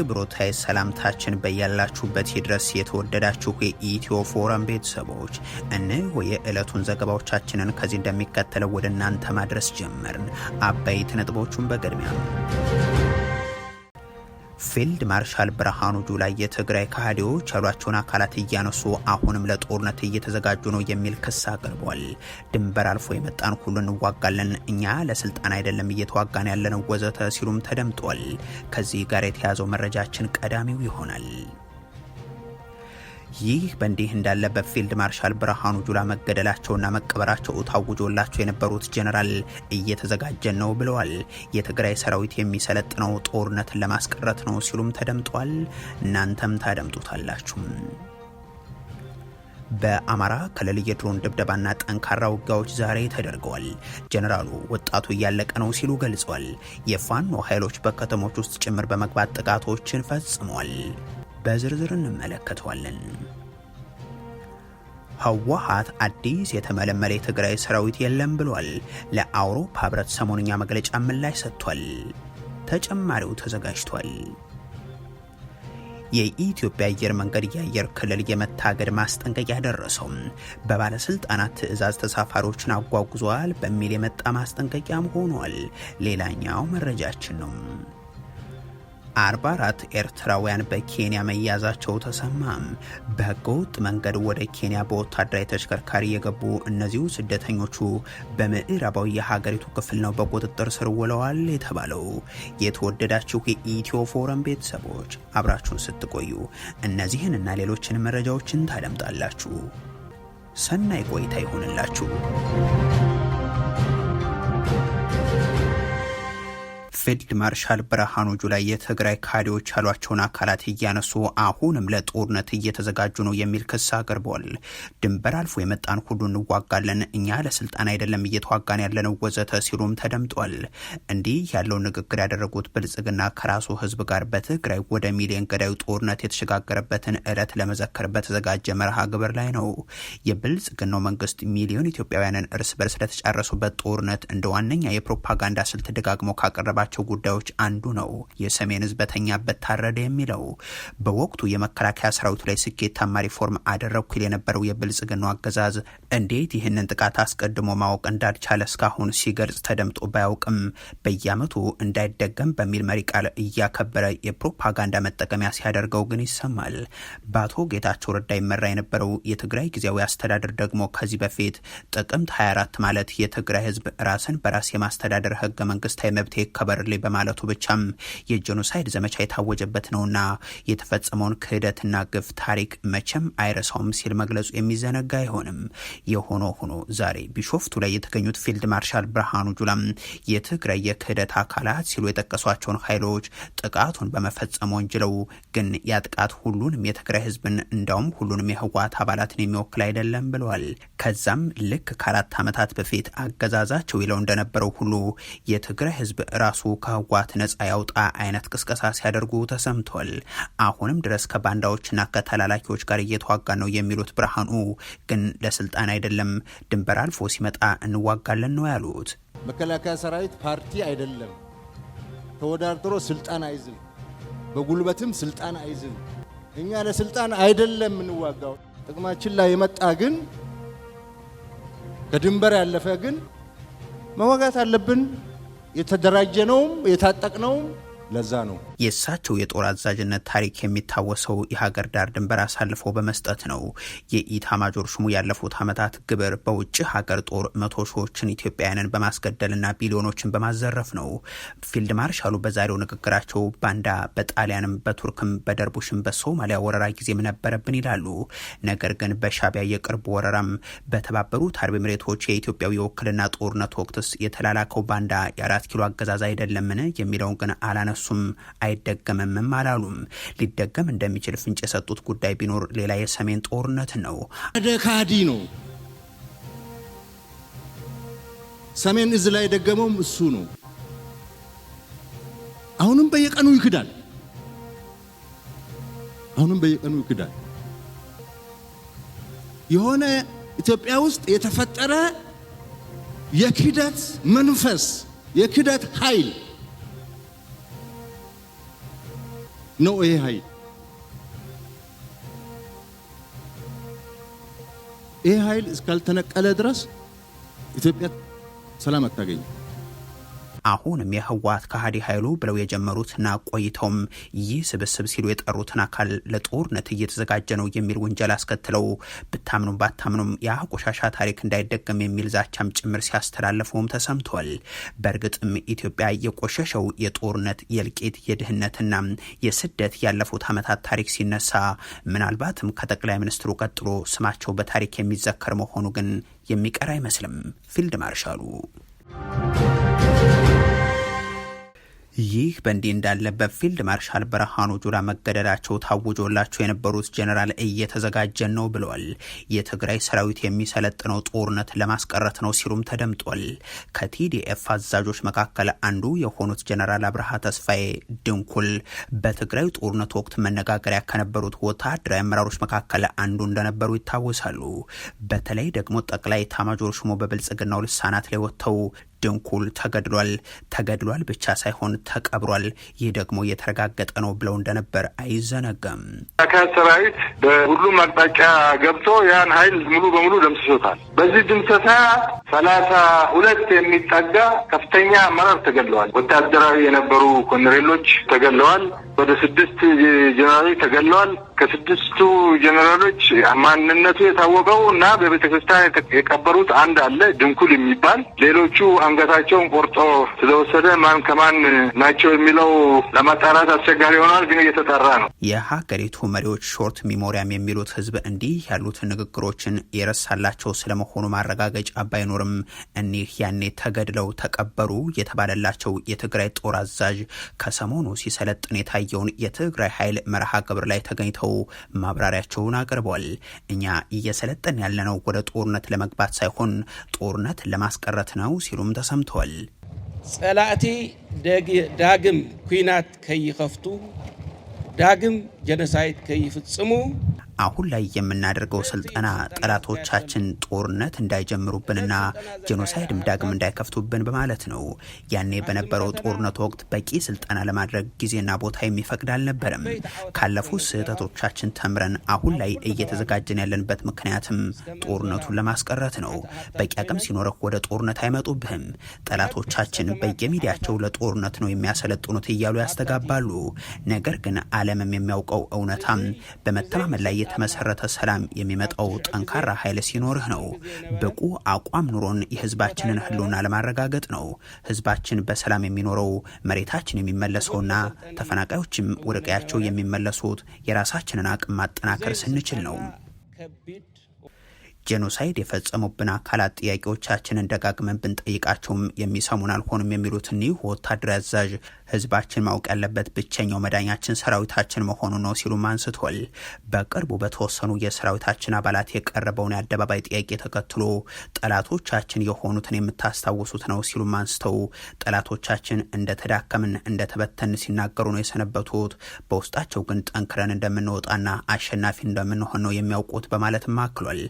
ክብሮታይ ሰላምታችን በያላችሁበት ይድረስ። የተወደዳችሁ የኢትዮ ፎረም ቤተሰቦች እንሆ የዕለቱን ዘገባዎቻችንን ከዚህ እንደሚከተለው ወደ እናንተ ማድረስ ጀመርን። አበይት ነጥቦቹን በቅድሚያ ነው። ፊልድ ማርሻል ብርሃኑ ጁላ የትግራይ ካህዲዎች ያሏቸውን አካላት እያነሱ አሁንም ለጦርነት እየተዘጋጁ ነው የሚል ክስ አቅርቧል። ድንበር አልፎ የመጣን ሁሉ እንዋጋለን፣ እኛ ለስልጣን አይደለም እየተዋጋን ያለነው ወዘተ ሲሉም ተደምጧል። ከዚህ ጋር የተያዘው መረጃችን ቀዳሚው ይሆናል። ይህ በእንዲህ እንዳለበት ፊልድ ማርሻል ብርሃኑ ጁላ መገደላቸውና መቀበራቸው ታውጆላቸው የነበሩት ጀነራል እየተዘጋጀን ነው ብለዋል። የትግራይ ሰራዊት የሚሰለጥነው ጦርነትን ለማስቀረት ነው ሲሉም ተደምጧል። እናንተም ታደምጡታላችሁ። በአማራ ክልል የድሮን ድብደባና ጠንካራ ውጊያዎች ዛሬ ተደርገዋል። ጀነራሉ ወጣቱ እያለቀ ነው ሲሉ ገልጿል። የፋኖ ኃይሎች በከተሞች ውስጥ ጭምር በመግባት ጥቃቶችን ፈጽመዋል። በዝርዝር እንመለከተዋለን። ህወሓት አዲስ የተመለመለ የትግራይ ሰራዊት የለም ብሏል። ለአውሮፓ ህብረት ሰሞንኛ መግለጫ ምላሽ ሰጥቷል። ተጨማሪው ተዘጋጅቷል። የኢትዮጵያ አየር መንገድ የአየር ክልል የመታገድ ማስጠንቀቂያ ደረሰው። በባለስልጣናት ትዕዛዝ ተሳፋሪዎችን አጓጉዟል በሚል የመጣ ማስጠንቀቂያም ሆኗል። ሌላኛው መረጃችን ነው። 44 ኤርትራውያን በኬንያ መያዛቸው ተሰማም። በህገወጥ መንገድ ወደ ኬንያ በወታደራዊ ተሽከርካሪ የገቡ እነዚሁ ስደተኞቹ በምዕራባዊ የሀገሪቱ ክፍል ነው በቁጥጥር ስር ውለዋል የተባለው። የተወደዳችሁ የኢትዮ ፎረም ቤተሰቦች አብራችሁን ስትቆዩ እነዚህን እና ሌሎችን መረጃዎችን ታደምጣላችሁ። ሰናይ ቆይታ ይሆንላችሁ። ፊልድ ማርሻል ብርሃኑ ጁላ የትግራይ ካድሬዎች ያሏቸውን አካላት እያነሱ አሁንም ለጦርነት እየተዘጋጁ ነው የሚል ክስ አቅርበዋል። ድንበር አልፎ የመጣን ሁሉ እንዋጋለን፣ እኛ ለስልጣን አይደለም እየተዋጋን ያለነው ወዘተ ሲሉም ተደምጧል። እንዲህ ያለው ንግግር ያደረጉት ብልጽግና ከራሱ ህዝብ ጋር በትግራይ ወደ ሚሊዮን ገዳዩ ጦርነት የተሸጋገረበትን ዕለት ለመዘከር በተዘጋጀ መርሃ ግብር ላይ ነው። የብልጽግናው መንግስት ሚሊዮን ኢትዮጵያውያንን እርስ በርስ ለተጫረሱበት ጦርነት እንደ ዋነኛ የፕሮፓጋንዳ ስልት ደጋግሞ ካቀረባቸው ካሏቸው ጉዳዮች አንዱ ነው የሰሜን ህዝብ በተኛበት ታረደ የሚለው። በወቅቱ የመከላከያ ሰራዊቱ ላይ ስኬታማ ሪፎርም አደረግኩ ይል የነበረው የብልጽግናው አገዛዝ እንዴት ይህንን ጥቃት አስቀድሞ ማወቅ እንዳልቻለ እስካሁን ሲገልጽ ተደምጦ ባያውቅም በየዓመቱ እንዳይደገም በሚል መሪ ቃል እያከበረ የፕሮፓጋንዳ መጠቀሚያ ሲያደርገው ግን ይሰማል። በአቶ ጌታቸው ረዳ ይመራ የነበረው የትግራይ ጊዜያዊ አስተዳደር ደግሞ ከዚህ በፊት ጥቅምት 24 ማለት የትግራይ ህዝብ ራስን በራስ የማስተዳደር ህገ መንግስታዊ መብት ይከበር ይቅረርልኝ በማለቱ ብቻም የጄኖሳይድ ዘመቻ የታወጀበት ነውና የተፈጸመውን ክህደትና ግፍ ታሪክ መቼም አይረሳውም ሲል መግለጹ የሚዘነጋ አይሆንም። የሆኖ ሆኖ ዛሬ ቢሾፍቱ ላይ የተገኙት ፊልድ ማርሻል ብርሃኑ ጁላም የትግራይ የክህደት አካላት ሲሉ የጠቀሷቸውን ኃይሎች ጥቃቱን በመፈጸም ወንጅለው ግን ያጥቃት ሁሉንም የትግራይ ህዝብን እንዳውም ሁሉንም የህወሓት አባላትን የሚወክል አይደለም ብለዋል። ከዛም ልክ ከአራት ዓመታት በፊት አገዛዛቸው ይለው እንደነበረው ሁሉ የትግራይ ህዝብ ራሱ ከህወሓት ነጻ ያውጣ አይነት ቅስቀሳ ሲያደርጉ ተሰምቷል። አሁንም ድረስ ከባንዳዎችና ከተላላኪዎች ጋር እየተዋጋ ነው የሚሉት ብርሃኑ ግን ለስልጣን አይደለም ድንበር አልፎ ሲመጣ እንዋጋለን ነው ያሉት። መከላከያ ሰራዊት ፓርቲ አይደለም፣ ተወዳድሮ ስልጣን አይዝም፣ በጉልበትም ስልጣን አይዝም። እኛ ለስልጣን አይደለም እንዋጋው። ጥቅማችን ላይ የመጣ ግን ከድንበር ያለፈ ግን መዋጋት አለብን። የተደራጀነውም የታጠቅነውም ለዛ ነው። የእሳቸው የጦር አዛዥነት ታሪክ የሚታወሰው የሀገር ዳር ድንበር አሳልፎ በመስጠት ነው። የኢታማጆር ሹሙ ያለፉት ዓመታት ግብር በውጭ ሀገር ጦር መቶ ሺዎችን ኢትዮጵያውያንን በማስገደልና ቢሊዮኖችን በማዘረፍ ነው። ፊልድ ማርሻሉ በዛሬው ንግግራቸው ባንዳ በጣሊያንም በቱርክም በደርቡሽም በሶማሊያ ወረራ ጊዜም ነበረብን ይላሉ። ነገር ግን በሻቢያ የቅርብ ወረራም በተባበሩት አረብ ኤሚሬቶች የኢትዮጵያው የውክልና ጦርነት ወቅትስ የተላላከው ባንዳ የአራት ኪሎ አገዛዝ አይደለምን የሚለውን ግን አላነሱም። አይደገምም አላሉም። ሊደገም እንደሚችል ፍንጭ የሰጡት ጉዳይ ቢኖር ሌላ የሰሜን ጦርነት ነው። አደካዲ ነው። ሰሜን እዝ ላይ የደገመውም እሱ ነው። አሁንም በየቀኑ ይክዳል። አሁንም በየቀኑ ይክዳል። የሆነ ኢትዮጵያ ውስጥ የተፈጠረ የክደት መንፈስ የክደት ኃይል ነው ይሄ ኃይል። ይሄ ኃይል እስካልተነቀለ ድረስ ኢትዮጵያ ሰላም አታገኝም። አሁንም የህወሓት ከሃዲ ኃይሉ ብለው የጀመሩትና ቆይተውም ይህ ስብስብ ሲሉ የጠሩትን አካል ለጦርነት እየተዘጋጀ ነው የሚል ወንጀል አስከትለው ብታምኑም ባታምኑም የአቆሻሻ ታሪክ እንዳይደገም የሚል ዛቻም ጭምር ሲያስተላለፈውም ተሰምቷል። በእርግጥም ኢትዮጵያ የቆሸሸው የጦርነት የእልቂት፣ የድህነትና የስደት ያለፉት ዓመታት ታሪክ ሲነሳ ምናልባትም ከጠቅላይ ሚኒስትሩ ቀጥሎ ስማቸው በታሪክ የሚዘከር መሆኑ ግን የሚቀር አይመስልም። ፊልድ ማርሻሉ ይህ በእንዲህ እንዳለበት ፊልድ ማርሻል ብርሃኑ ጁላ መገደላቸው ታውጆላቸው የነበሩት ጀኔራል እየተዘጋጀን ነው ብለዋል። የትግራይ ሰራዊት የሚሰለጥነው ጦርነት ለማስቀረት ነው ሲሉም ተደምጧል። ከቲዲኤፍ አዛዦች መካከል አንዱ የሆኑት ጀኔራል አብርሃ ተስፋዬ ድንኩል በትግራይ ጦርነት ወቅት መነጋገሪያ ከነበሩት ወታደራዊ አመራሮች መካከል አንዱ እንደነበሩ ይታወሳሉ። በተለይ ደግሞ ጠቅላይ ኤታማዦር ሹሙ በብልጽግናው ልሳናት ላይ ወጥተው ድንኩል ተገድሏል። ተገድሏል ብቻ ሳይሆን ተቀብሯል። ይህ ደግሞ የተረጋገጠ ነው ብለው እንደነበር አይዘነጋም። ካ ሰራዊት በሁሉም አቅጣጫ ገብቶ ያን ኃይል ሙሉ በሙሉ ደምስሶታል። በዚህ ድምሰሳ ሰላሳ ሁለት የሚጠጋ ከፍተኛ አመራር ተገድለዋል። ወታደራዊ የነበሩ ኮሎኔሎች ተገድለዋል። ወደ ስድስት ጀነራሎች ተገለዋል። ከስድስቱ ጀነራሎች ማንነቱ የታወቀው እና በቤተክርስቲያን የቀበሩት አንድ አለ ድንኩል የሚባል ሌሎቹ አንገታቸውን ቆርጦ ስለወሰደ ማን ከማን ናቸው የሚለው ለማጣራት አስቸጋሪ ሆኗል፣ ግን እየተጠራ ነው። የሀገሪቱ መሪዎች ሾርት ሚሞሪያም የሚሉት ህዝብ እንዲህ ያሉት ንግግሮችን የረሳላቸው ስለመሆኑ ማረጋገጫ ባይኖርም እኒህ ያኔ ተገድለው ተቀበሩ የተባለላቸው የትግራይ ጦር አዛዥ ከሰሞኑ ሲሰለጥን የታየ ያሳየውን የትግራይ ኃይል መርሃ ግብር ላይ ተገኝተው ማብራሪያቸውን አቅርበዋል። እኛ እየሰለጠን ያለነው ወደ ጦርነት ለመግባት ሳይሆን ጦርነት ለማስቀረት ነው ሲሉም ተሰምተዋል። ጸላእቲ ዳግም ኩናት ከይከፍቱ ዳግም ጀነሳይት ከይፍጽሙ አሁን ላይ የምናደርገው ስልጠና ጠላቶቻችን ጦርነት እንዳይጀምሩብንና ጄኖሳይድም ዳግም እንዳይከፍቱብን በማለት ነው። ያኔ በነበረው ጦርነት ወቅት በቂ ስልጠና ለማድረግ ጊዜና ቦታ የሚፈቅድ አልነበረም። ካለፉት ስህተቶቻችን ተምረን አሁን ላይ እየተዘጋጀን ያለንበት ምክንያትም ጦርነቱን ለማስቀረት ነው። በቂ አቅም ሲኖረህ ወደ ጦርነት አይመጡብህም። ጠላቶቻችን በየሚዲያቸው ለጦርነት ነው የሚያሰለጥኑት እያሉ ያስተጋባሉ። ነገር ግን ዓለምም የሚያውቀው እውነታም በመተማመን ላይ የተመሰረተ ሰላም የሚመጣው ጠንካራ ኃይል ሲኖርህ ነው። ብቁ አቋም ኑሮን የህዝባችንን ህልውና ለማረጋገጥ ነው። ህዝባችን በሰላም የሚኖረው መሬታችን የሚመለሰውና ተፈናቃዮችም ወደ ቀያቸው የሚመለሱት የራሳችንን አቅም ማጠናከር ስንችል ነው። ጄኖሳይድ የፈጸሙብን አካላት ጥያቄዎቻችንን ደጋግመን ብንጠይቃቸውም የሚሰሙን አልሆኑም የሚሉት እኒህ ወታደራዊ አዛዥ ህዝባችን ማወቅ ያለበት ብቸኛው መዳኛችን ሰራዊታችን መሆኑ ነው ሲሉም አንስቷል። በቅርቡ በተወሰኑ የሰራዊታችን አባላት የቀረበውን የአደባባይ ጥያቄ ተከትሎ ጠላቶቻችን የሆኑትን የምታስታውሱት ነው ሲሉም አንስተው ጠላቶቻችን እንደተዳከምን እንደተበተን ሲናገሩ ነው የሰነበቱት። በውስጣቸው ግን ጠንክረን እንደምንወጣና አሸናፊ እንደምንሆን ነው የሚያውቁት በማለትም አክሏል።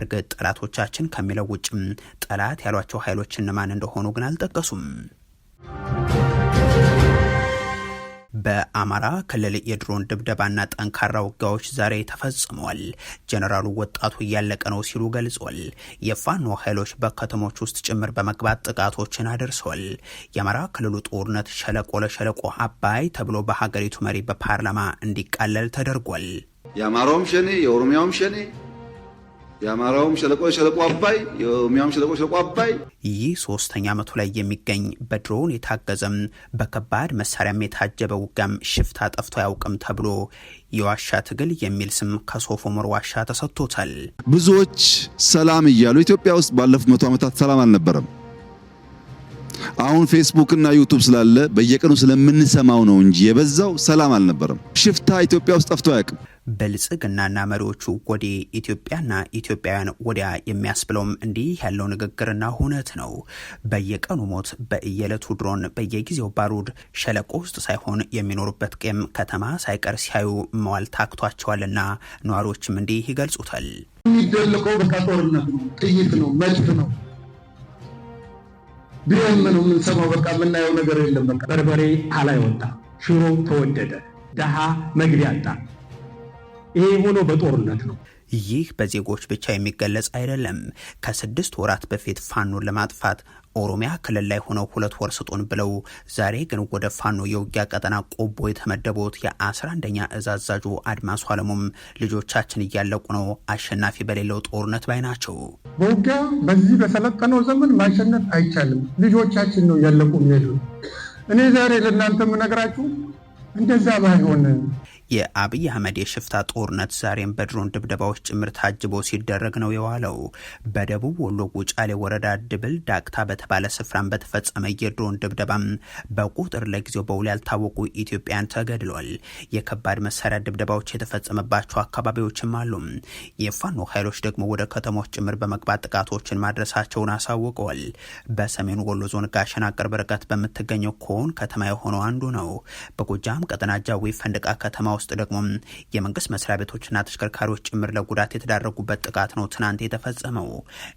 በእርግጥ ጠላቶቻችን ከሚለው ውጭም ጠላት ያሏቸው ኃይሎች እነማን እንደሆኑ ግን አልጠቀሱም። በአማራ ክልል የድሮን ድብደባና ጠንካራ ውጊያዎች ዛሬ ተፈጽመዋል። ጀነራሉ ወጣቱ እያለቀ ነው ሲሉ ገልጿል። የፋኖ ኃይሎች በከተሞች ውስጥ ጭምር በመግባት ጥቃቶችን አደርሰዋል። የአማራ ክልሉ ጦርነት ሸለቆ ለሸለቆ አባይ ተብሎ በሀገሪቱ መሪ በፓርላማ እንዲቃለል ተደርጓል። የአማራውም ሸኔ የኦሮሚያውም ሸኔ የአማራውም ሸለቆ ሸለቆ አባይ፣ የኦሮሚያውም ሸለቆ ሸለቆ አባይ። ይህ ሶስተኛ ዓመቱ ላይ የሚገኝ በድሮን የታገዘም በከባድ መሳሪያም የታጀበ ውጋም ሽፍታ ጠፍቶ አያውቅም ተብሎ የዋሻ ትግል የሚል ስም ከሶፎሞር ዋሻ ተሰጥቶታል። ብዙዎች ሰላም እያሉ ኢትዮጵያ ውስጥ ባለፉት መቶ ዓመታት ሰላም አልነበረም። አሁን ፌስቡክ እና ዩቱብ ስላለ በየቀኑ ስለምንሰማው ነው እንጂ የበዛው ሰላም አልነበረም። ሽፍታ ኢትዮጵያ ውስጥ ጠፍቶ አያውቅም። ብልጽግናና መሪዎቹ ወዴ ኢትዮጵያና ኢትዮጵያውያን ወዲያ የሚያስብለውም እንዲህ ያለው ንግግርና ሁነት ነው። በየቀኑ ሞት፣ በየዕለቱ ድሮን፣ በየጊዜው ባሩድ ሸለቆ ውስጥ ሳይሆን የሚኖሩበት ቄም ከተማ ሳይቀር ሲያዩ መዋል ታክቷቸዋልና ነዋሪዎችም እንዲህ ይገልጹታል። የሚደለቀው በቃ ጦርነት ነው፣ ጥይት ነው፣ መድፍ ነው ቢሆን ነው የምንሰማው በቃ የምናየው ነገር የለም። በቃ በርበሬ አላይ ወጣ፣ ሽሮ ተወደደ፣ ደሃ መግቢያ አጣ። ይሄ የሆነው በጦርነት ነው። ይህ በዜጎች ብቻ የሚገለጽ አይደለም። ከስድስት ወራት በፊት ፋኖን ለማጥፋት ኦሮሚያ ክልል ላይ ሆነው ሁለት ወር ስጡን ብለው ዛሬ ግን ወደ ፋኖ የውጊያ ቀጠና ቆቦ የተመደቡት የ11ኛ እዝ አዛዡ አድማሱ አለሙም ልጆቻችን እያለቁ ነው፣ አሸናፊ በሌለው ጦርነት ባይ ናቸው። በውጊያ በዚህ በሰለጠነው ዘመን ማሸነፍ አይቻልም። ልጆቻችን ነው እያለቁ የሚሄዱ። እኔ ዛሬ ለእናንተ የምነግራችሁ እንደዛ ባይሆን የአብይ አህመድ የሽፍታ ጦርነት ዛሬም በድሮን ድብደባዎች ጭምር ታጅቦ ሲደረግ ነው የዋለው። በደቡብ ወሎ ጉጫሌ ወረዳ ድብል ዳክታ በተባለ ስፍራም በተፈጸመ የድሮን ድብደባም በቁጥር ለጊዜው በውል ያልታወቁ ኢትዮጵያን ተገድሏል። የከባድ መሳሪያ ድብደባዎች የተፈጸመባቸው አካባቢዎችም አሉ። የፋኖ ኃይሎች ደግሞ ወደ ከተሞች ጭምር በመግባት ጥቃቶችን ማድረሳቸውን አሳውቀዋል። በሰሜኑ ወሎ ዞን ጋሸና ቅርብ ርቀት በምትገኘው ኮን ከተማ የሆነው አንዱ ነው። በጎጃም ቀጠና ጃዊ ፈንድቃ ከተማ ውስጥ ደግሞ የመንግስት መስሪያ ቤቶችና ተሽከርካሪዎች ጭምር ለጉዳት የተዳረጉበት ጥቃት ነው ትናንት የተፈጸመው።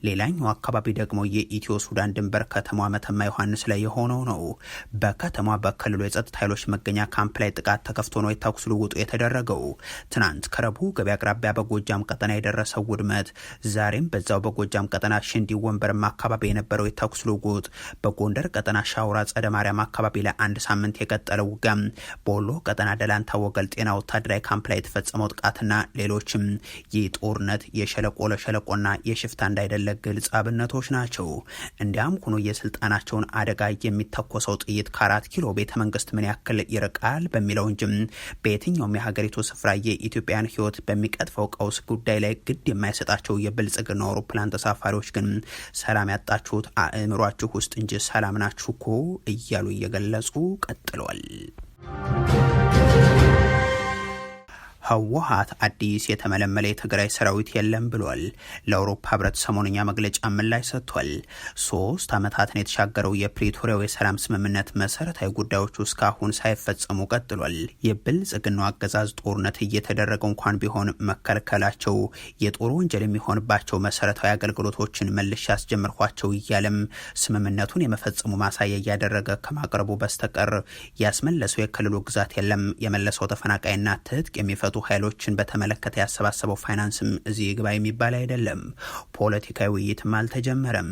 ሌላኛው አካባቢ ደግሞ የኢትዮ ሱዳን ድንበር ከተማ መተማ ዮሐንስ ላይ የሆነው ነው። በከተማ በክልሉ የጸጥታ ኃይሎች መገኛ ካምፕ ላይ ጥቃት ተከፍቶ ነው የተኩስ ልውውጡ የተደረገው። ትናንት ከረቡ ገበያ አቅራቢያ በጎጃም ቀጠና የደረሰው ውድመት፣ ዛሬም በዛው በጎጃም ቀጠና ሽንዲ ወንበርማ አካባቢ የነበረው የተኩስ ልውውጥ፣ በጎንደር ቀጠና ሻውራ ጸደ ማርያም አካባቢ ለአንድ ሳምንት የቀጠለው ውጋም፣ በወሎ ቀጠና ደላንታ ወገል ጤና ወታደራዊ ካምፕ ላይ የተፈጸመው ጥቃትና ሌሎችም ይህ ጦርነት የሸለቆ ለሸለቆና የሽፍታ እንዳይደለ ግልጽ አብነቶች ናቸው። እንዲያም ሆኖ የስልጣናቸውን አደጋ የሚተኮሰው ጥይት ከአራት ኪሎ ቤተ መንግስት ምን ያክል ይርቃል በሚለው እንጂ በየትኛውም የሀገሪቱ ስፍራ የኢትዮጵያን ህይወት በሚቀጥፈው ቀውስ ጉዳይ ላይ ግድ የማይሰጣቸው የብልጽግና አውሮፕላን ተሳፋሪዎች ግን ሰላም ያጣችሁት አእምሯችሁ ውስጥ እንጂ ሰላም ናችሁ እኮ እያሉ እየገለጹ ቀጥለዋል። ህወሓት አዲስ የተመለመለ የትግራይ ሰራዊት የለም ብሏል። ለአውሮፓ ህብረት ሰሞንኛ መግለጫ ምላሽ ሰጥቷል። ሶስት ዓመታትን የተሻገረው የፕሪቶሪያው የሰላም ስምምነት መሰረታዊ ጉዳዮች እስካሁን ሳይፈጸሙ ቀጥሏል። የብልጽግናው አገዛዝ ጦርነት እየተደረገ እንኳን ቢሆን መከልከላቸው የጦር ወንጀል የሚሆንባቸው መሰረታዊ አገልግሎቶችን መልሽ ያስጀምርኳቸው እያለም ስምምነቱን የመፈጸሙ ማሳያ እያደረገ ከማቅረቡ በስተቀር ያስመለሰው የክልሉ ግዛት የለም የመለሰው ተፈናቃይና ትጥቅ የሚፈ የተመረጡ ኃይሎችን በተመለከተ ያሰባሰበው ፋይናንስም እዚህ ግባ የሚባል አይደለም። ፖለቲካዊ ውይይትም አልተጀመረም።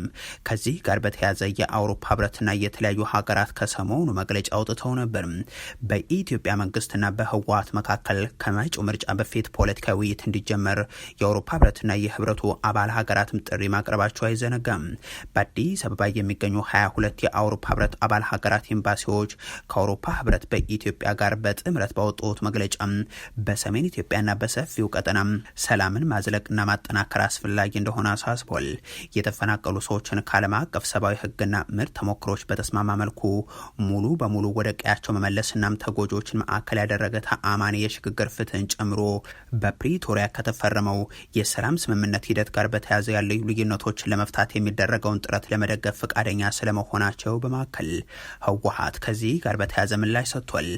ከዚህ ጋር በተያያዘ የአውሮፓ ህብረትና የተለያዩ ሀገራት ከሰሞኑ መግለጫ አውጥተው ነበር። በኢትዮጵያ መንግስትና በህወሀት መካከል ከመጪው ምርጫ በፊት ፖለቲካዊ ውይይት እንዲጀመር የአውሮፓ ህብረትና የህብረቱ አባል ሀገራትም ጥሪ ማቅረባቸው አይዘነጋም። በአዲስ አበባ የሚገኙ 22 የአውሮፓ ህብረት አባል ሀገራት ኤምባሲዎች ከአውሮፓ ህብረት በኢትዮጵያ ጋር በጥምረት ባወጡት መግለጫ በሰ በሰሜን ኢትዮጵያና በሰፊው ቀጠና ሰላምን ማዝለቅና ማጠናከር አስፈላጊ እንደሆነ አሳስቧል። የተፈናቀሉ ሰዎችን ከዓለም አቀፍ ሰብአዊ ሕግና ምርት ተሞክሮች በተስማማ መልኩ ሙሉ በሙሉ ወደ ቀያቸው መመለስናም ተጎጂዎችን ማዕከል ያደረገ ተአማኒ የሽግግር ፍትህን ጨምሮ በፕሪቶሪያ ከተፈረመው የሰላም ስምምነት ሂደት ጋር በተያያዘ ያለዩ ልዩነቶችን ለመፍታት የሚደረገውን ጥረት ለመደገፍ ፈቃደኛ ስለመሆናቸው በማዕከል ህወሀት ከዚህ ጋር በተያያዘ ምላሽ ሰጥቷል።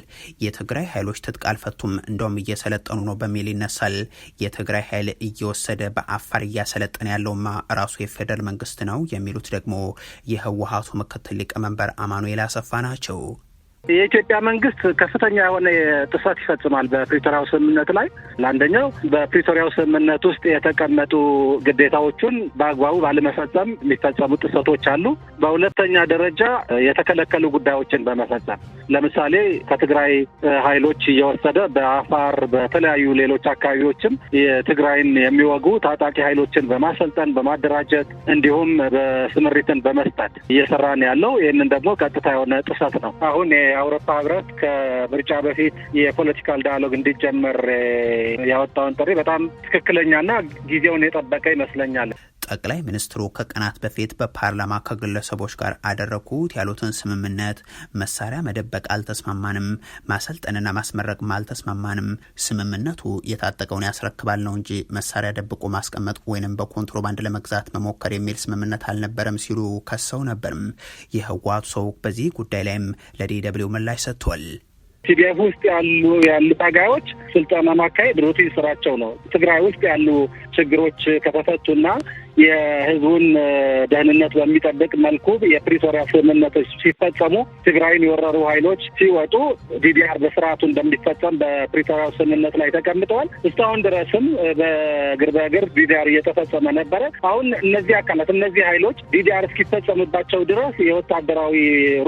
የትግራይ ኃይሎች ትጥቅ አልፈቱም፣ እንደውም እየሰለ እየሰለጠኑ ነው በሚል ይነሳል። የትግራይ ኃይል እየወሰደ በአፋር እያሰለጠነ ያለውማ ራሱ የፌደራል መንግስት ነው የሚሉት ደግሞ የህወሀቱ ምክትል ሊቀመንበር አማኑኤል አሰፋ ናቸው። የኢትዮጵያ መንግስት ከፍተኛ የሆነ ጥሰት ይፈጽማል በፕሪቶሪያው ስምምነት ላይ። ለአንደኛው በፕሪቶሪያው ስምምነት ውስጥ የተቀመጡ ግዴታዎቹን በአግባቡ ባለመፈጸም የሚፈጸሙ ጥሰቶች አሉ። በሁለተኛ ደረጃ የተከለከሉ ጉዳዮችን በመፈጸም ለምሳሌ ከትግራይ ኃይሎች እየወሰደ በአፋር በተለያዩ ሌሎች አካባቢዎችም የትግራይን የሚወጉ ታጣቂ ኃይሎችን በማሰልጠን በማደራጀት እንዲሁም በስምሪትን በመስጠት እየሰራን ያለው ይህንን ደግሞ ቀጥታ የሆነ ጥሰት ነው አሁን የአውሮፓ ህብረት ከምርጫ በፊት የፖለቲካል ዳያሎግ እንዲጀመር ያወጣውን ጥሪ በጣም ትክክለኛና ጊዜውን የጠበቀ ይመስለኛል። ጠቅላይ ሚኒስትሩ ከቀናት በፊት በፓርላማ ከግለሰቦች ጋር አደረኩት ያሉትን ስምምነት መሳሪያ መደበቅ አልተስማማንም፣ ማሰልጠንና ማስመረቅም አልተስማማንም። ስምምነቱ የታጠቀውን ያስረክባል ነው እንጂ መሳሪያ ደብቆ ማስቀመጥ ወይንም በኮንትሮባንድ ለመግዛት መሞከር የሚል ስምምነት አልነበረም ሲሉ ከሰው ነበርም። የህወሓቱ ሰው በዚህ ጉዳይ ላይም ለዲደብሊው ምላሽ ሰጥቷል። ቲዲኤፍ ውስጥ ያሉ ያሉ ታጋዮች ስልጠና ማካሄድ ሩቲን ስራቸው ነው። ትግራይ ውስጥ ያሉ ችግሮች ከተፈቱና የህዝቡን ደህንነት በሚጠብቅ መልኩ የፕሪቶሪያ ስምምነቶች ሲፈጸሙ ትግራይን የወረሩ ኃይሎች ሲወጡ ዲዲአር በስርዓቱ እንደሚፈጸም በፕሪቶሪያ ስምምነት ላይ ተቀምጠዋል። እስካሁን ድረስም በእግር በእግር ዲዲአር እየተፈጸመ ነበረ። አሁን እነዚህ አካላት እነዚህ ኃይሎች ዲዲአር እስኪፈጸምባቸው ድረስ የወታደራዊ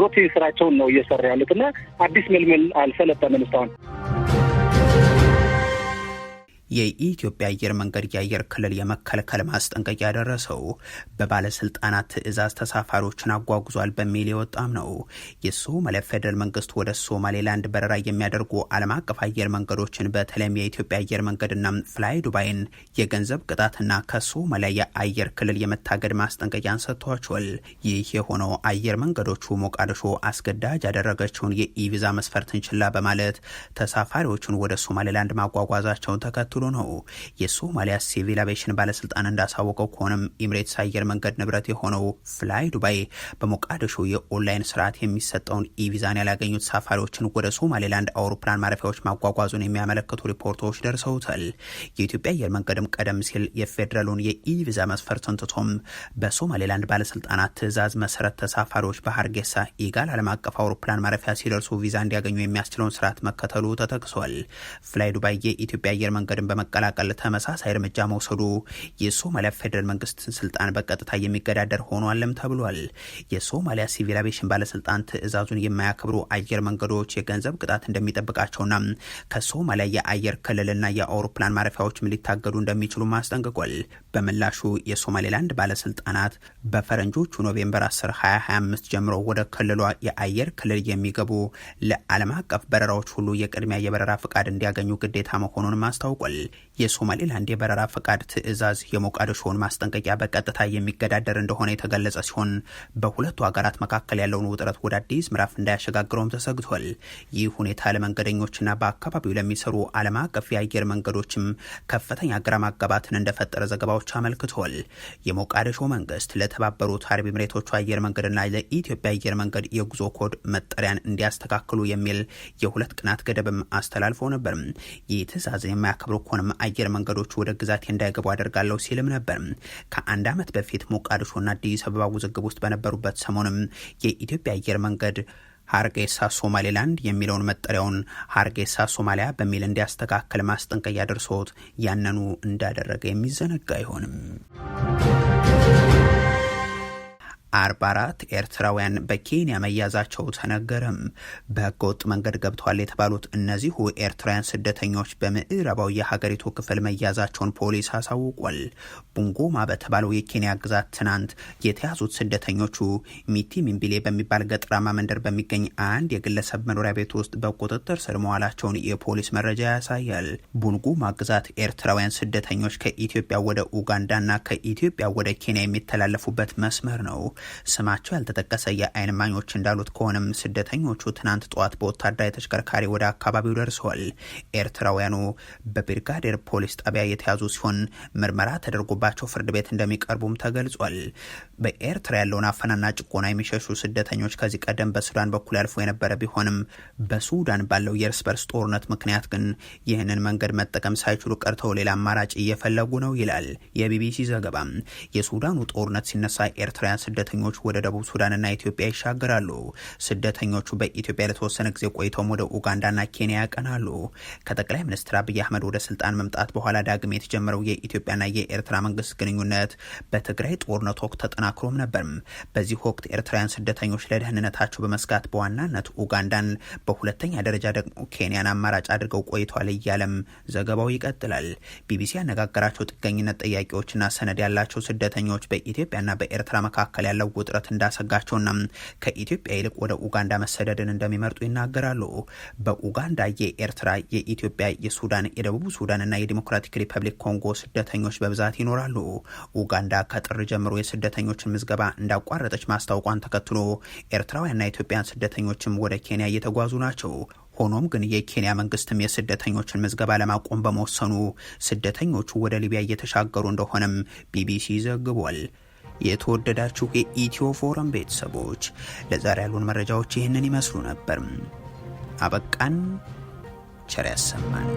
ሩቲን ስራቸውን ነው እየሰሩ ያሉት እና አዲስ ምልምል አልሰለጠምን እስካሁን የኢትዮጵያ አየር መንገድ የአየር ክልል የመከልከል ማስጠንቀቂያ ደረሰው በባለስልጣናት ትዕዛዝ ተሳፋሪዎችን አጓጉዟል በሚል የወጣም ነው። የሶማሊያ ፌዴራል መንግስት ወደ ሶማሌላንድ በረራ የሚያደርጉ ዓለም አቀፍ አየር መንገዶችን በተለይም የኢትዮጵያ አየር መንገድና ፍላይ ዱባይን የገንዘብ ቅጣትና ከሶማሊያ የአየር ክልል የመታገድ ማስጠንቀቂያን ሰጥቷቸዋል። ይህ የሆነው አየር መንገዶቹ ሞቃዲሾ አስገዳጅ ያደረገችውን የኢቪዛ መስፈርትን ችላ በማለት ተሳፋሪዎችን ወደ ሶማሌላንድ ማጓጓዛቸውን ተከትሎ ተከትሎ ነው። የሶማሊያ ሲቪል አቬሽን ባለስልጣን እንዳሳወቀው ከሆነም ኢምሬትስ አየር መንገድ ንብረት የሆነው ፍላይ ዱባይ በሞቃዲሾ የኦንላይን ስርዓት የሚሰጠውን ኢቪዛን ያላገኙት ተሳፋሪዎችን ወደ ሶማሌላንድ አውሮፕላን ማረፊያዎች ማጓጓዙን የሚያመለክቱ ሪፖርቶች ደርሰውታል። የኢትዮጵያ አየር መንገድም ቀደም ሲል የፌዴራሉን የኢቪዛ መስፈርት ትንትቶም በሶማሌላንድ ባለስልጣናት ትዕዛዝ መሰረት ተሳፋሪዎች በሀርጌሳ ኢጋል ዓለም አቀፍ አውሮፕላን ማረፊያ ሲደርሱ ቪዛ እንዲያገኙ የሚያስችለውን ስርዓት መከተሉ ተጠቅሷል። ፍላይ ዱባይ የኢትዮጵያ አየር መንገድ ኃይሎችን በመቀላቀል ተመሳሳይ እርምጃ መውሰዱ የሶማሊያ ፌዴራል መንግስትን ስልጣን በቀጥታ የሚገዳደር ሆኗልም ተብሏል። የሶማሊያ ሲቪል አቪሽን ባለስልጣን ትዕዛዙን የማያከብሩ አየር መንገዶች የገንዘብ ቅጣት እንደሚጠብቃቸውና ከሶማሊያ የአየር ክልልና የአውሮፕላን ማረፊያዎችም ሊታገዱ እንደሚችሉ አስጠንቅቋል። በምላሹ የሶማሌላንድ ባለስልጣናት በፈረንጆቹ ኖቬምበር 10 2025 ጀምሮ ወደ ክልሏ የአየር ክልል የሚገቡ ለዓለም አቀፍ በረራዎች ሁሉ የቅድሚያ የበረራ ፍቃድ እንዲያገኙ ግዴታ መሆኑንም አስታውቋል። Italy የሶማሌላንድ የበረራ ፈቃድ ትዕዛዝ የሞቃዲሾውን ማስጠንቀቂያ በቀጥታ የሚገዳደር እንደሆነ የተገለጸ ሲሆን በሁለቱ ሀገራት መካከል ያለውን ውጥረት ወደ አዲስ ምዕራፍ እንዳያሸጋግረውም ተሰግቷል። ይህ ሁኔታ ለመንገደኞችና በአካባቢው ለሚሰሩ ዓለም አቀፍ የአየር መንገዶችም ከፍተኛ ግራ ማጋባትን እንደፈጠረ ዘገባዎች አመልክቷል። የሞቃዲሾ መንግስት ለተባበሩት አረብ ኤሚሬቶቹ አየር መንገድና ለኢትዮጵያ አየር መንገድ የጉዞ ኮድ መጠሪያን እንዲያስተካክሉ የሚል የሁለት ቀናት ገደብም አስተላልፎ ነበር። ይህ ትዕዛዝ የማያከብሩ ከሆነም አየር መንገዶች ወደ ግዛቴ እንዳይገቡ አደርጋለሁ ሲልም ነበር። ከአንድ ዓመት በፊት ሞቃዲሾና አዲስ አበባ ውዝግብ ውስጥ በነበሩበት ሰሞንም የኢትዮጵያ አየር መንገድ ሀርጌሳ ሶማሌላንድ የሚለውን መጠሪያውን ሀርጌሳ ሶማሊያ በሚል እንዲያስተካከል ማስጠንቀቂያ ደርሶት ያነኑ እንዳደረገ የሚዘነጋ አይሆንም። አርባ አራት ኤርትራውያን በኬንያ መያዛቸው ተነገረም። በህገወጥ መንገድ ገብተዋል የተባሉት እነዚሁ ኤርትራውያን ስደተኞች በምዕራባዊ የሀገሪቱ ክፍል መያዛቸውን ፖሊስ አሳውቋል። ቡንጎማ በተባለው የኬንያ ግዛት ትናንት የተያዙት ስደተኞቹ ሚቲ ሚንቢሌ በሚባል ገጠራማ መንደር በሚገኝ አንድ የግለሰብ መኖሪያ ቤት ውስጥ በቁጥጥር ስር መዋላቸውን የፖሊስ መረጃ ያሳያል። ቡንጎማ ግዛት ኤርትራውያን ስደተኞች ከኢትዮጵያ ወደ ኡጋንዳና ከኢትዮጵያ ወደ ኬንያ የሚተላለፉበት መስመር ነው። ስማቸው ያልተጠቀሰ የአይን ማኞች እንዳሉት ከሆነም ስደተኞቹ ትናንት ጠዋት በወታደራዊ ተሽከርካሪ ወደ አካባቢው ደርሰዋል። ኤርትራውያኑ በብርጋዴር ፖሊስ ጣቢያ የተያዙ ሲሆን ምርመራ ተደርጎባቸው ፍርድ ቤት እንደሚቀርቡም ተገልጿል። በኤርትራ ያለውን አፈናና ጭቆና የሚሸሹ ስደተኞች ከዚህ ቀደም በሱዳን በኩል ያልፎ የነበረ ቢሆንም በሱዳን ባለው የእርስ በርስ ጦርነት ምክንያት ግን ይህንን መንገድ መጠቀም ሳይችሉ ቀርተው ሌላ አማራጭ እየፈለጉ ነው ይላል የቢቢሲ ዘገባ። የሱዳኑ ጦርነት ሲነሳ ኤርትራውያን ስደ። ስደተኞች ወደ ደቡብ ሱዳንና ኢትዮጵያ ይሻገራሉ። ስደተኞቹ በኢትዮጵያ ለተወሰነ ጊዜ ቆይተውም ወደ ኡጋንዳና ኬንያ ያቀናሉ። ከጠቅላይ ሚኒስትር አብይ አህመድ ወደ ስልጣን መምጣት በኋላ ዳግም የተጀመረው የኢትዮጵያና የኤርትራ መንግስት ግንኙነት በትግራይ ጦርነት ወቅት ተጠናክሮም ነበርም። በዚህ ወቅት ኤርትራውያን ስደተኞች ለደህንነታቸው በመስጋት በዋናነት ኡጋንዳን፣ በሁለተኛ ደረጃ ደግሞ ኬንያን አማራጭ አድርገው ቆይተዋል እያለም ዘገባው ይቀጥላል። ቢቢሲ ያነጋገራቸው ጥገኝነት ጠያቂዎችና ሰነድ ያላቸው ስደተኞች በኢትዮጵያና በኤርትራ መካከል ያለ ያለው ውጥረት እንዳሰጋቸውና ከኢትዮጵያ ይልቅ ወደ ኡጋንዳ መሰደድን እንደሚመርጡ ይናገራሉ። በኡጋንዳ የኤርትራ፣ የኢትዮጵያ፣ የሱዳን፣ የደቡብ ሱዳንና የዲሞክራቲክ ሪፐብሊክ ኮንጎ ስደተኞች በብዛት ይኖራሉ። ኡጋንዳ ከጥር ጀምሮ የስደተኞችን ምዝገባ እንዳቋረጠች ማስታወቋን ተከትሎ ኤርትራውያንና ኢትዮጵያን ስደተኞችም ወደ ኬንያ እየተጓዙ ናቸው። ሆኖም ግን የኬንያ መንግስትም የስደተኞችን ምዝገባ ለማቆም በመወሰኑ ስደተኞቹ ወደ ሊቢያ እየተሻገሩ እንደሆነም ቢቢሲ ዘግቧል። የተወደዳችሁ የኢትዮ ፎረም ቤተሰቦች ለዛሬ ያሉን መረጃዎች ይህንን ይመስሉ ነበር። አበቃን። ቸር ያሰማን።